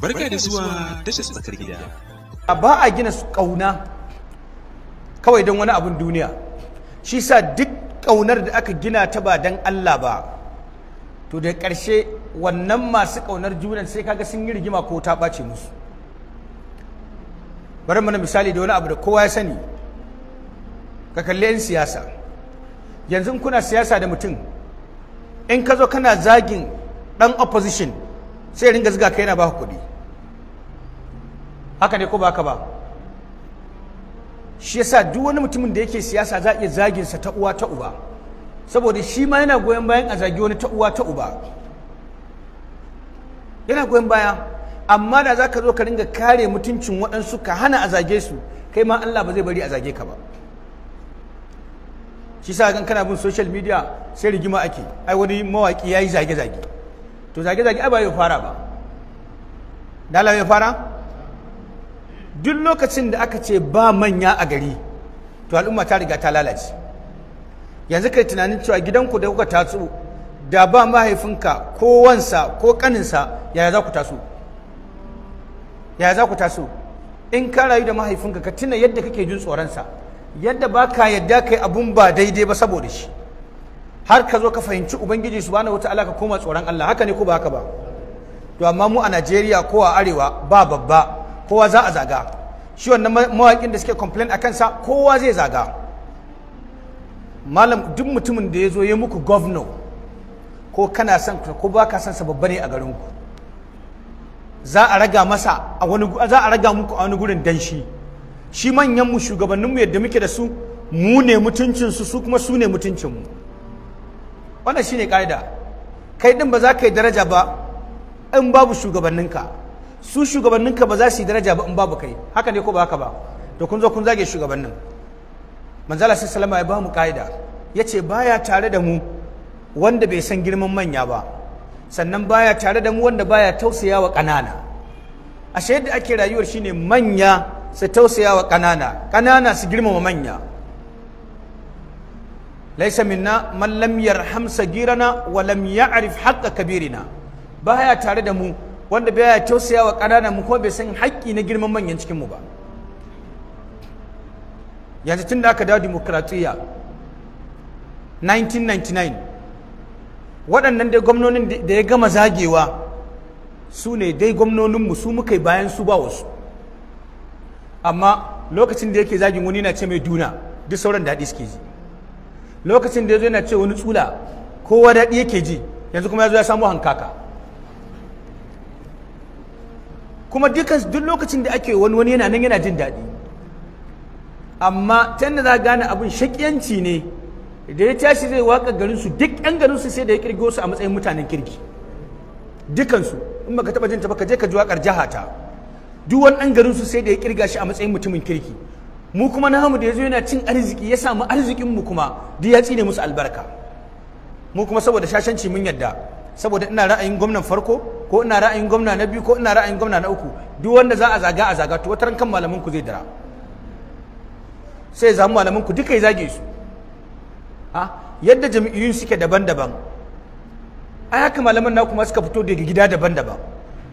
Barka da zuwa tashar tsakar gida. Ba a gina su kauna kawai don wani abin duniya. Shi sa duk kaunar da aka gina ta ba don Allah ba. To da ƙarshe wannan masu kaunar juna sai kaga sun yi rigima ko ta ɓace musu. Bari mana misali da wani abu da kowa ya sani. Ka kalli 'yan siyasa. Yanzu kuna siyasa da mutum. In ka zo kana zagin ɗan opposition sai ringa zuga ka yana ba kuɗi haka ne ko ba haka ba shi yasa duk wani mutumin da yake siyasa za a iya zaginsa ta uwa ta uba saboda shi ma yana goyon bayan a zagi wani ta uwa ta uba yana goyon baya amma da zaka zo ka ringa kare mutuncin waɗansu ka hana a zage su kai ma Allah ba zai bari a zage ka ba shi sa kana bin social media sai rigima ake ai wani mawaki yayi zage zage to zage-zage ai ba ya fara ba dala ya fara duk lokacin da aka ce ba manya a gari to al'umma ta riga ta lalace yanzu ka yi tunanin cewa gidanku da kuka taso da ba mahaifinka ko wansa ko kaninsa yaya za ku taso yaya za ku taso in ka rayu da mahaifinka ka tuna yadda kake jin tsoronsa yadda ba ka yadda kai abun ba daidai ba saboda shi har ka zo ka fahimci ubangiji subhanahu wataala alaka koma tsoron Allah haka ne ko ba haka ba to amma mu a Najeriya ko a arewa ba babba kowa za a zaga shi wannan mawaƙin da suke complain a kansa kowa zai zaga malam duk mutumin da ya zo ya muku governor ko kana son ko ba ka son sa babba ne a garinku za a raga masa a wani za a raga muku a wani gurin danshi shi manyan mu shugabannin mu yadda muke da su mu ne mutuncin su su kuma su ne mutuncin mu wannan shine ƙa'ida kai ɗin ba za ka yi daraja ba in babu shugabanninka su shugabanninka ba za su yi daraja ba in babu kai haka ne ko ba haka ba to kun zo kun zage shugabannin manzala sai salama ya ba mu ƙa'ida ya ce baya tare da mu wanda bai san girman manya ba sannan baya tare da mu wanda baya tausaya wa ƙanana ashe yadda ake rayuwar shine manya su tausaya wa ƙanana ƙanana su girmama manya laisa minna man lam yarham sagirana wa lam ya'rif haqqa kabirina baya tare da mu wanda baya tausaya wa ƙananan mu ko bai san haƙƙi na girman manyan cikin mu ba yanzu tun da aka dawo demokratiya 1999 waɗannan dai gwamnonin da ya gama zagewa su ne dai mu su muka bayan su ba wasu amma lokacin da yake zagin wani na ce mai duna duk sauran daɗi suke ji lokacin da ya zo yana ce wani tsula kowa daɗi yake ji yanzu kuma ya zo ya samu hankaka kuma dukkan duk lokacin da ake wani wani yana nan yana jin daɗi amma ta da za gane abin shakiyanci ne da ya tashi zai waka garinsu duk 'yan garinsu sai da ya kirgo su a matsayin mutanen kirki dukansu in baka taba jin ta ka je ka ji wakar jahata duk wani ɗan garinsu sai da ya kirga shi a matsayin mutumin kirki mu kuma na hamu da ya zo yana cin arziki ya samu arzikin mu kuma duk ya tsine musu albarka mu kuma saboda shashanci mun yadda saboda ina ra'ayin gwamnan farko ko ina ra'ayin gwamna na biyu ko ina ra'ayin gwamna na uku duk wanda za a zaga a zaga to wataran kan malamin ku zai dira sai zamu malamin ku duka ya zage su ha yadda jami'in suke daban-daban ai haka malaman na kuma suka fito daga gida daban-daban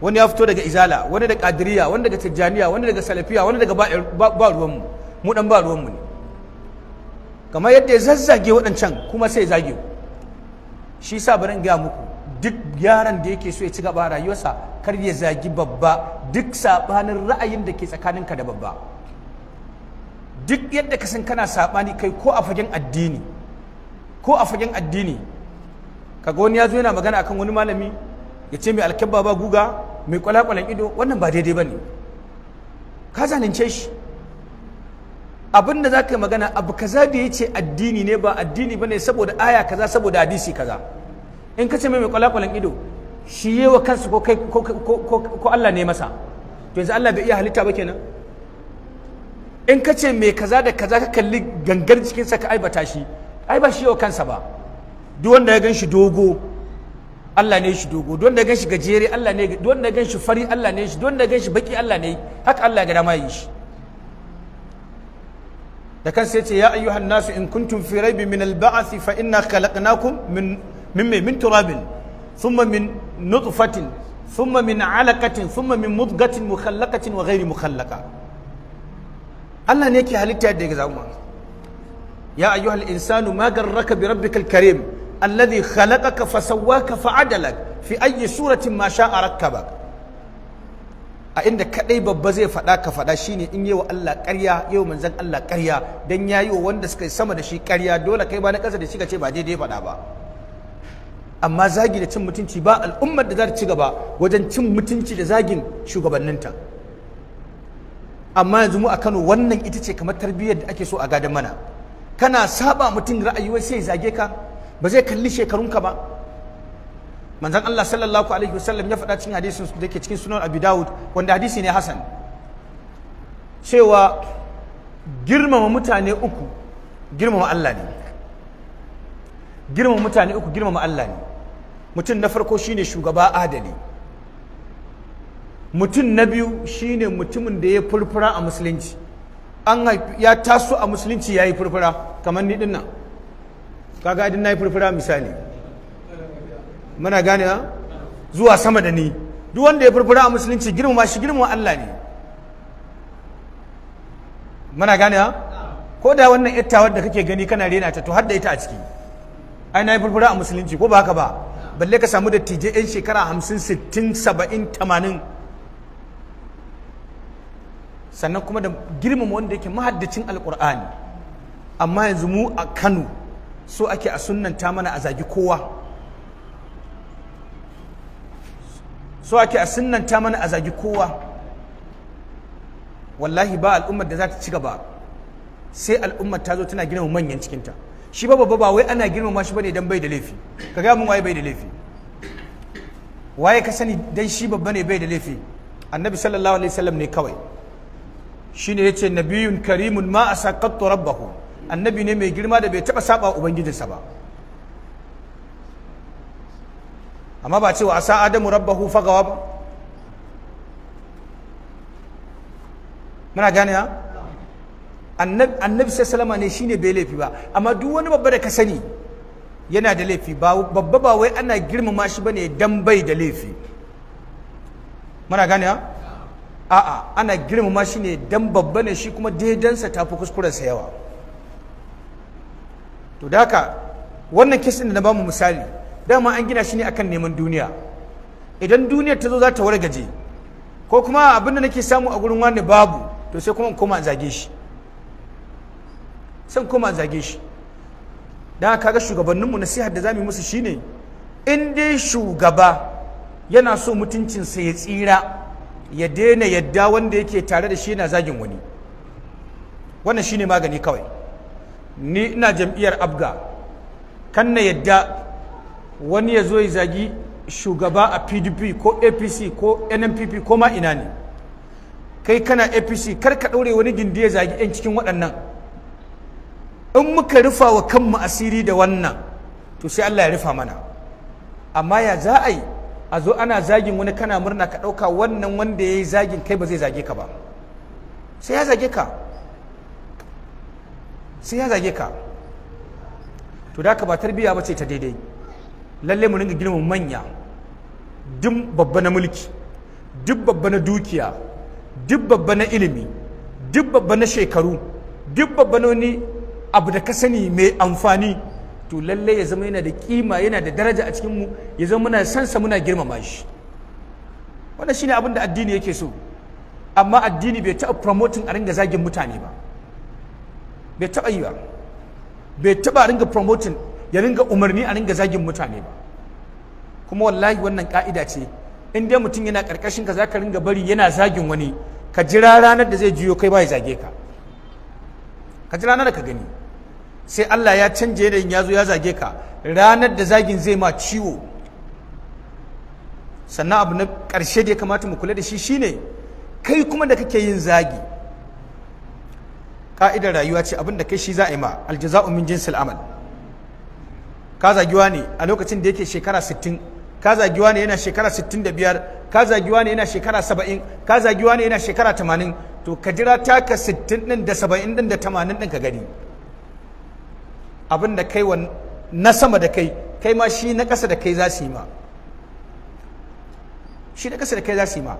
wani ya fito daga izala wani daga kadiriya wani daga tijjaniya wani daga salafiya wani daga ba ruwanmu mu dan ba ruwan mu ne kamar yadda ya zazzage waɗancan kuma sai zage shi sa barin ga muku duk yaran da yake so ya ci gaba rayuwarsa kar ya zagi babba duk sabanin ra'ayin da ke tsakaninka da babba duk yadda ka san kana sabani kai ko a fagen addini ko a fagen addini ka ga wani ya zo yana magana akan wani malami ya ce mai alkabba ba guga mai kwalakwalan ido wannan ba daidai ba ne ka zalunce shi abin da za ka yi magana abu kaza da ya ce addini ne ba addini ba ne saboda aya kaza saboda hadisi kaza in ka ce mai kwalakwalan ido shi yi wa kansu ko kai ko Allah ne masa to yanzu Allah bai iya halitta ba kenan in ka ce mai kaza da kaza ka kalli gangar jikinsa ka aibata shi ai ba shi yi wa kansa ba duk wanda ya gan shi dogo Allah ne shi dogo duk wanda ya gan shi gajere Allah ne duk wanda ya gan shi fari Allah ne shi duk wanda ya gan shi baki Allah ne haka Allah ya ga dama yi shi da kansa yace ya ayyuhan nasu in kuntum fi raibin min al-ba'th fa inna khalaqnakum min min min turabin thumma min nutfatin thumma min 'alaqatin thumma min mudghatin mukhallaqatin wa ghairi mukhallaqa Allah ne yake halitta da ya zama ya ayyuhal insanu ma garraka bi rabbikal karim alladhi khalaqaka fasawwaka fa'adalak fi ayyi suratin ma sha'a rakkabak a inda kadai babba zai faɗa ka faɗa shine in yi wa Allah ƙarya yau manzan Allah ƙarya dan yayi wa wanda suka yi sama da shi ƙarya dole kai ba na ƙasa da shi ka ce ba daidai faɗa ba amma zagi da cin mutunci ba al'ummar da za ta ci gaba wajen cin mutunci da zagin shugabanninta amma yanzu mu a Kano wannan ita ce kamar tarbiyyar da ake so a gadan mana kana saba mutum ra'ayi wai sai zage ka ba zai kalli shekarunka ba manzon Allah sallallahu alaihi wasallam ya faɗa cikin hadisin da ke cikin sunan Abi Dawud wanda hadisi ne Hassan cewa girmama mutane uku girmama Allah ne girmama mutane uku girmama Allah ne mutum na farko shine shugaba adali mutum na biyu shine mutumin da ya furfura a musulunci an ya taso a musulunci ya yi furfura kamar ni dinnan kaga idin na yi furfura misali muna gane zuwa sama da ni duk wanda ya furfura a musulunci girmama shi girmama Allah ne muna gane ko da wannan yattawar wadda kake gani kana rena ta to har da ita a ciki ai nayi furfura a musulunci ko ba haka ba balle ka samu dattijai yan shekara hamsin sittin saba'in tamanin sannan kuma da girmama wanda yake mahaddacin alkur'ani amma yanzu mu a kano so ake a sunnanta mana a zagi kowa so ake a sunnanta mana a zagi kowa wallahi ba al'ummar da za ta ci gaba sai al'ummar ta zo tana girmama manyan cikinta shi ba babba ba wai ana girmama shi bane dan bai da laifi ka ga mun waye bai da laifi waye ka sani dan shi babba ne bai da laifi annabi sallallahu alaihi wasallam ne kawai shine yace nabiyun karimun ma asaqattu rabbahu annabi ne mai girma da bai taba saba ubangijinsa ba amma ba cewa sa adamu rabbahu fagawa ba muna gane ha annabi sai salama ne shine bai laifi ba amma duk wani babba da ka sani yana da laifi babba ba wai ana girmama shi bane dan bai da laifi muna gane ha a'a ana girmama shi ne dan babba ne shi kuma daidansa tafi kuskurensa yawa to da haka wannan kisin da na bamu misali dama an gina shi ne akan neman duniya idan duniyar ta zo za ta wargaje ko kuma abin da nake samu a gurin wani babu to sai kuma in koma zage shi san koma zage shi dan haka ga shugabanninmu nasihar da zamu musu shine in dai shugaba yana so mutuncin sa ya tsira ya daina yadda wanda yake tare da shi yana zagin wani wannan shine magani kawai ni ina jam'iyyar abga kan na yadda wani ya zo ya zagi shugaba a pdp ko apc ko nnpp ko ma ina ne kai kana apc kar ka ɗaure wani gindi ya zagi 'yan cikin waɗannan in muka rufa wa kanmu asiri da wannan to sai allah ya rufa mana amma ya za a yi a zo ana zagin wani kana murna ka ɗauka wannan wanda ya yi zagin kai ba zai zage ka ba sai ya zage ka sai ya zage ka to da ka ba tarbiyya ba ce ta daidai Lallai mu ringa girmama manya duk babba na mulki duk babba na dukiya duk babba na ilimi duk babba na shekaru duk babba na wani abu da ka sani mai amfani to lallai ya zama yana da kima yana da daraja a cikin mu ya zama muna sansa muna girmama shi wannan shine abin da addini yake so amma addini bai taɓa promoting a ringa zagin mutane ba bai taɓa yi ba bai taɓa ringa promoting ya ringa umarni a ringa zagin mutane ba kuma wallahi wannan ka'ida ce in dai mutum yana karkashin ka za ka ringa bari yana zagin wani ka jira ranar da zai juyo kai ba ya zage ka ka jira ranar da ka gani sai Allah ya canje da ya zo ya zage ka ranar da zagin zai ma ciwo sannan abu na ƙarshe da ya kamata mu kula da shi shine kai kuma da kake yin zagi ka'idar rayuwa ce abin da kai shi za a yi ma aljaza'u min jinsil amal ka zagiwa ne a lokacin da yake shekara 60 ka zagiwa ne yana shekara 65 ka zagiwa ne yana shekara 70 ka zagiwa ne yana shekara 80 to ka jira taka 60 din da 70 din da 80 din ka gani abinda kai wa na sama da kai kai ma shi na ƙasa da kai za su yi ma shi na ƙasa da kai za su yi ma